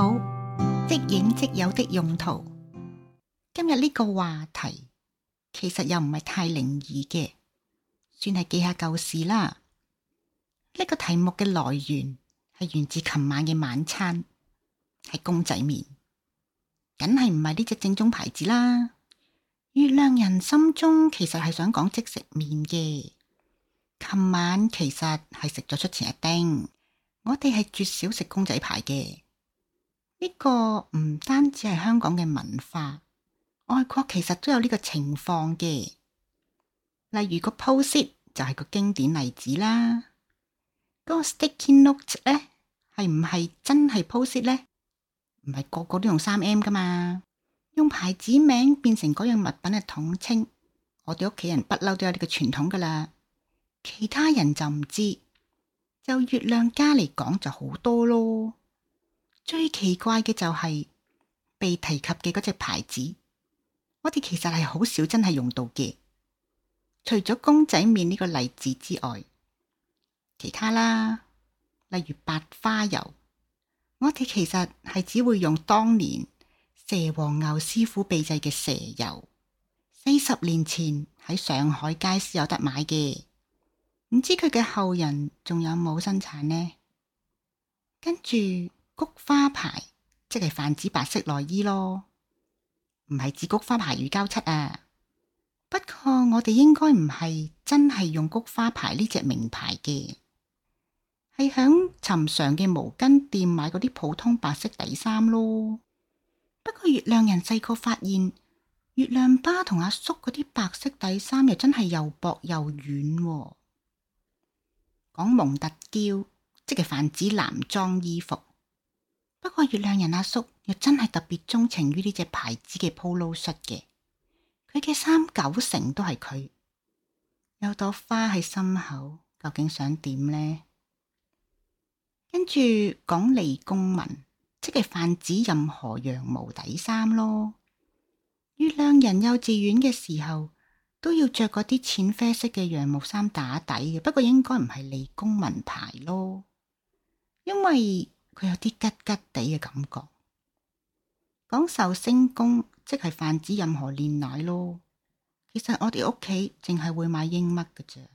好即影即有的用途，今日呢個話題其實又唔係太靈異嘅，算係記下舊事啦。呢個題目嘅來源係源自琴晚嘅晚餐，係公仔麵，梗係唔係呢隻正宗牌子啦。月亮人心中其實係想講即食麵嘅，琴晚其實係食咗出前一丁，我哋係絕少食公仔牌嘅。呢個唔單止係香港嘅文化，外國其實都有呢個情況嘅。例如個 post it 就係個經典例子啦。嗰、那個 sticky note 咧，係唔係真係 post it 咧？唔係個個都用三 M 噶嘛？用牌子名變成嗰樣物品嘅統稱，我哋屋企人不嬲都有呢個傳統噶啦。其他人就唔知。就月亮家嚟講就好多咯。最奇怪嘅就係被提及嘅嗰隻牌子，我哋其實係好少真係用到嘅。除咗公仔麵呢個例子之外，其他啦，例如白花油，我哋其實係只會用當年蛇王牛師傅秘製嘅蛇油，四十年前喺上海街市有得買嘅。唔知佢嘅後人仲有冇生產呢？跟住。菊花牌即係泛指白色內衣咯，唔係指菊花牌乳膠漆啊。不過我哋應該唔係真係用菊花牌呢隻名牌嘅，係響尋常嘅毛巾店買嗰啲普通白色底衫咯。不過月亮人細個發現，月亮爸同阿叔嗰啲白色底衫又真係又薄又軟喎。講蒙特嬌，即係泛指男裝衣服。不過月亮人阿叔又真係特別鍾情於呢隻牌子嘅 Polo 恤嘅，佢嘅衫九成都係佢。有朵花喺心口，究竟想點呢？跟住講利工民，即係泛指任何羊毛底衫咯。月亮人幼稚園嘅時候都要着嗰啲淺啡色嘅羊毛衫打底嘅，不過應該唔係利工民牌咯，因為。佢有啲吉吉地嘅感覺。講壽星公，即係泛指任何煉奶咯。其實我哋屋企淨係會買鷹嘜嘅啫。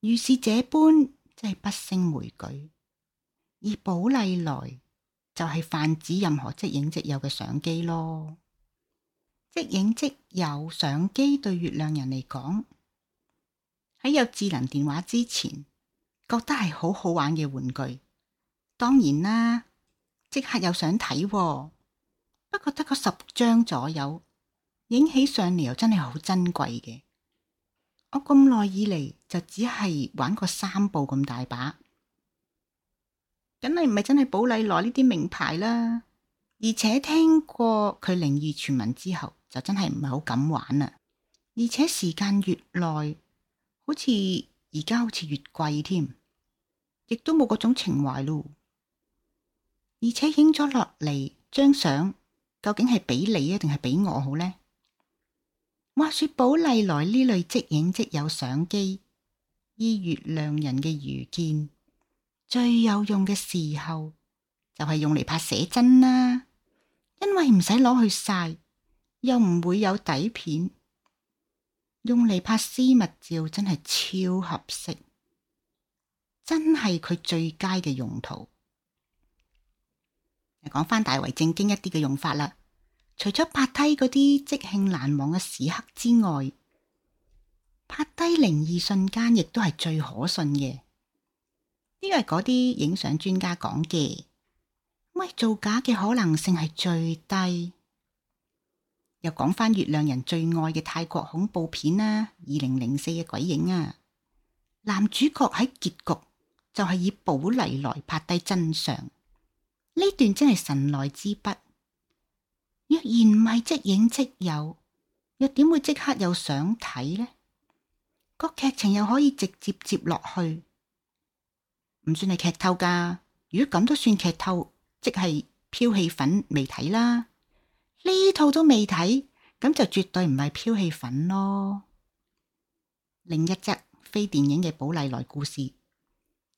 如是這般，即係不勝枚舉。而寶麗來就係、是、泛指任何即影即有嘅相機咯。即影即有相機對月亮人嚟講，喺有智能電話之前，覺得係好好玩嘅玩具。當然啦，即刻又想睇、啊，不過得個十張左右，影起上嚟又真係好珍貴嘅。我咁耐以嚟就只係玩過三部咁大把，梗係唔係真係寶麗來呢啲名牌啦。而且聽過佢靈異傳聞之後，就真係唔係好敢玩啦、啊。而且時間越耐，好似而家好似越貴添，亦都冇嗰種情懷咯。而且影咗落嚟張相，究竟係俾你啊，定係俾我好呢？話說寶麗來呢類即影即有相機，依月亮人嘅愚見，最有用嘅時候，就係、是、用嚟拍寫真啦、啊，因為唔使攞去晒，又唔會有底片，用嚟拍私密照真係超合適，真係佢最佳嘅用途。講翻大為正經一啲嘅用法啦，除咗拍低嗰啲即興難忘嘅時刻之外，拍低靈異瞬間亦都係最可信嘅，呢個係嗰啲影相專家講嘅，咪，造假嘅可能性係最低。又講翻月亮人最愛嘅泰國恐怖片啦、啊，二零零四嘅鬼影啊，男主角喺結局就係以寶麗來拍低真相。呢段真係神來之筆，若然唔係即影即有，又點會即刻有相睇呢？個劇情又可以直接接落去，唔算係劇透噶。如果咁都算劇透，即係飄氣粉未睇啦。呢套都未睇，咁就絕對唔係飄氣粉咯。另一則非電影嘅寶麗來故事，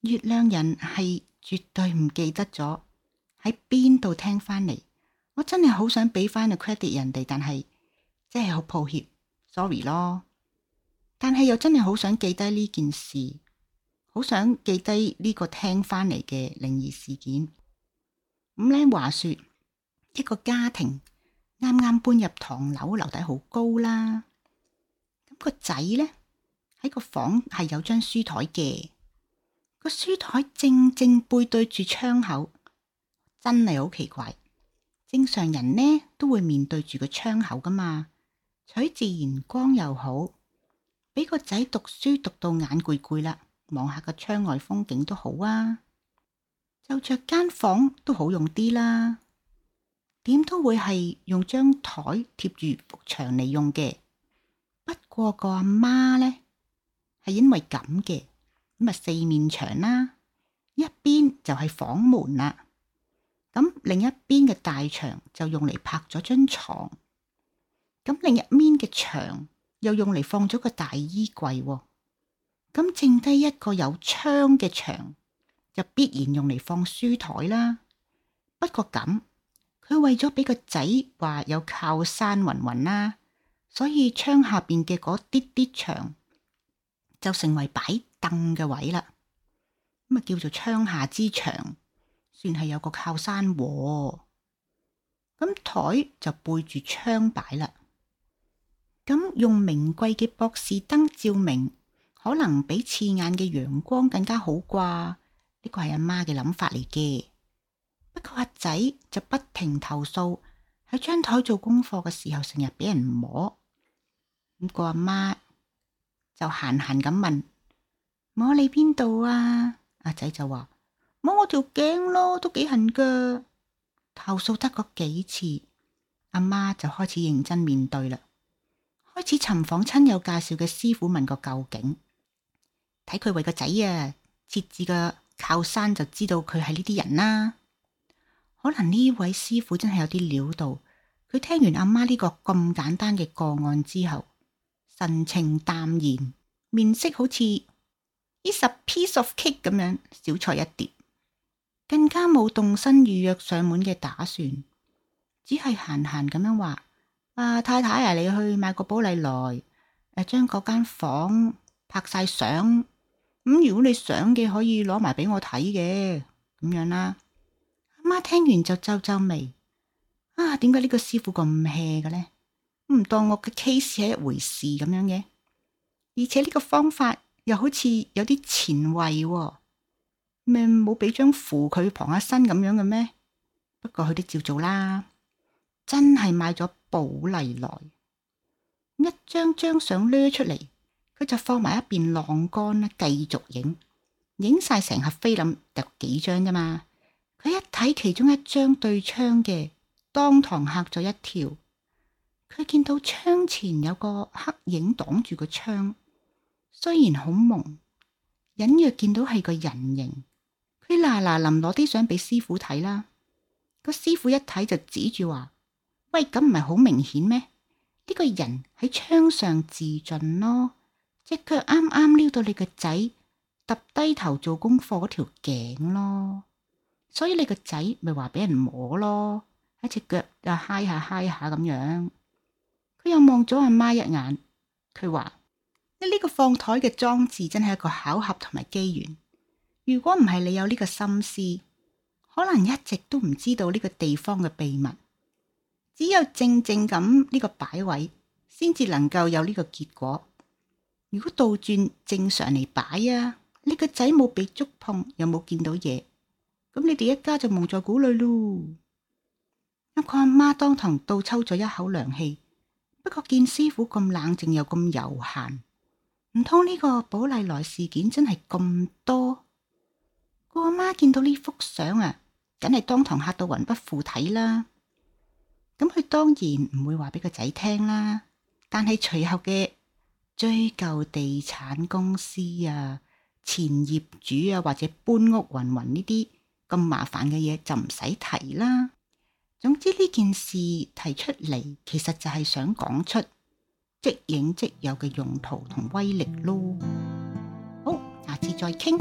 月亮人係絕對唔記得咗。喺邊度聽翻嚟？我真係好想俾翻個 credit 人哋，但係真係好抱歉，sorry 咯。但係又真係好想記低呢件事，好想記低呢個聽翻嚟嘅靈異事件。咁、嗯、咧，話說一個家庭啱啱搬入唐樓，樓底好高啦。咁、那個仔咧，喺個房係有張書台嘅，個書台正正背對住窗口。真係好奇怪，正常人呢都會面對住個窗口噶嘛，取自然光又好，俾個仔讀書讀到眼攰攰啦，望下個窗外風景都好啊，就着間房都好用啲啦。點都會係用張台貼住幅牆嚟用嘅，不過個阿媽，媽呢係因為咁嘅咁啊，四面牆啦、啊，一邊就係房門啦、啊。咁另一邊嘅大牆就用嚟拍咗張床，咁另一面嘅牆又用嚟放咗個大衣櫃，哦，咁剩低一個有窗嘅牆，就必然用嚟放書台啦。不過咁，佢為咗俾個仔話有靠山云云啦，所以窗下邊嘅嗰啲啲牆就成為擺凳嘅位啦，咁啊叫做窗下之牆。算係有個靠山喎，咁台就背住窗擺啦，咁用名貴嘅博士燈照明，可能比刺眼嘅陽光更加好啩。呢個係阿媽嘅諗法嚟嘅，不過阿仔就不停投訴喺張台做功課嘅時候，成日俾人摸。咁個阿媽就閒閒咁問：摸你邊度啊？阿仔就話。摸我條頸咯，都幾痕噶投訴得個幾次，阿媽就開始認真面對啦，開始尋訪親友介紹嘅師傅問個究竟，睇佢為個仔啊設置個靠山，就知道佢係呢啲人啦，啊。可能呢位師傅真係有啲料到。佢聽完阿媽呢個咁簡單嘅個案之後，神情淡然，面色好似呢十 piece of cake 咁樣，小菜一碟。更加冇動身預約上門嘅打算，只係閒閒咁樣話：啊太太啊，你去買個寶麗來，誒、啊，將嗰間房間拍晒相，咁如果你想嘅可以攞埋俾我睇嘅，咁樣啦、啊。阿媽聽完就皺皺眉：啊，點解呢個師傅咁 hea 嘅呢？唔當我嘅 case 係一回事咁樣嘅，而且呢個方法又好似有啲前衛、啊。咩冇俾張符佢旁下身咁樣嘅咩？不過佢都照做啦。真係買咗寶麗來，一張張相掠出嚟，佢就放埋一邊晾乾啦，繼續影。影晒成盒菲林，得幾張啫嘛。佢一睇其中一張對窗嘅，當堂吓咗一跳。佢見到窗前有個黑影擋住個窗，雖然好蒙，隱約見到係個人形。你嗱嗱臨攞啲相俾師傅睇啦，個師傅一睇就指住話，喂，咁唔係好明顯咩？呢個人喺窗上自盡咯，隻腳啱啱撩到你個仔揼低頭做功課嗰條頸咯，所以你個仔咪話俾人摸咯，一隻腳又嗨下嗨下咁樣。佢又望咗阿媽一眼，佢話，你呢個放台嘅裝置真係一個巧合同埋機緣。如果唔係你有呢個心思，可能一直都唔知道呢個地方嘅秘密。只有正正咁呢個擺位，先至能夠有呢個結果。如果倒轉正常嚟擺啊，你個仔冇被觸碰，又冇見到嘢，咁你哋一家就蒙在鼓裏咯。阿坤個媽當堂倒抽咗一口涼氣。不過見師傅咁冷靜又咁悠閒，唔通呢個寶麗來事件真係咁多？見到呢幅相啊，梗係當堂嚇到魂不附體啦！咁佢當然唔會話俾個仔聽啦。但係隨後嘅追究地產公司啊、前業主啊或者搬屋云云呢啲咁麻煩嘅嘢就唔使提啦。總之呢件事提出嚟，其實就係想講出即影即有嘅用途同威力咯。好，下次再傾。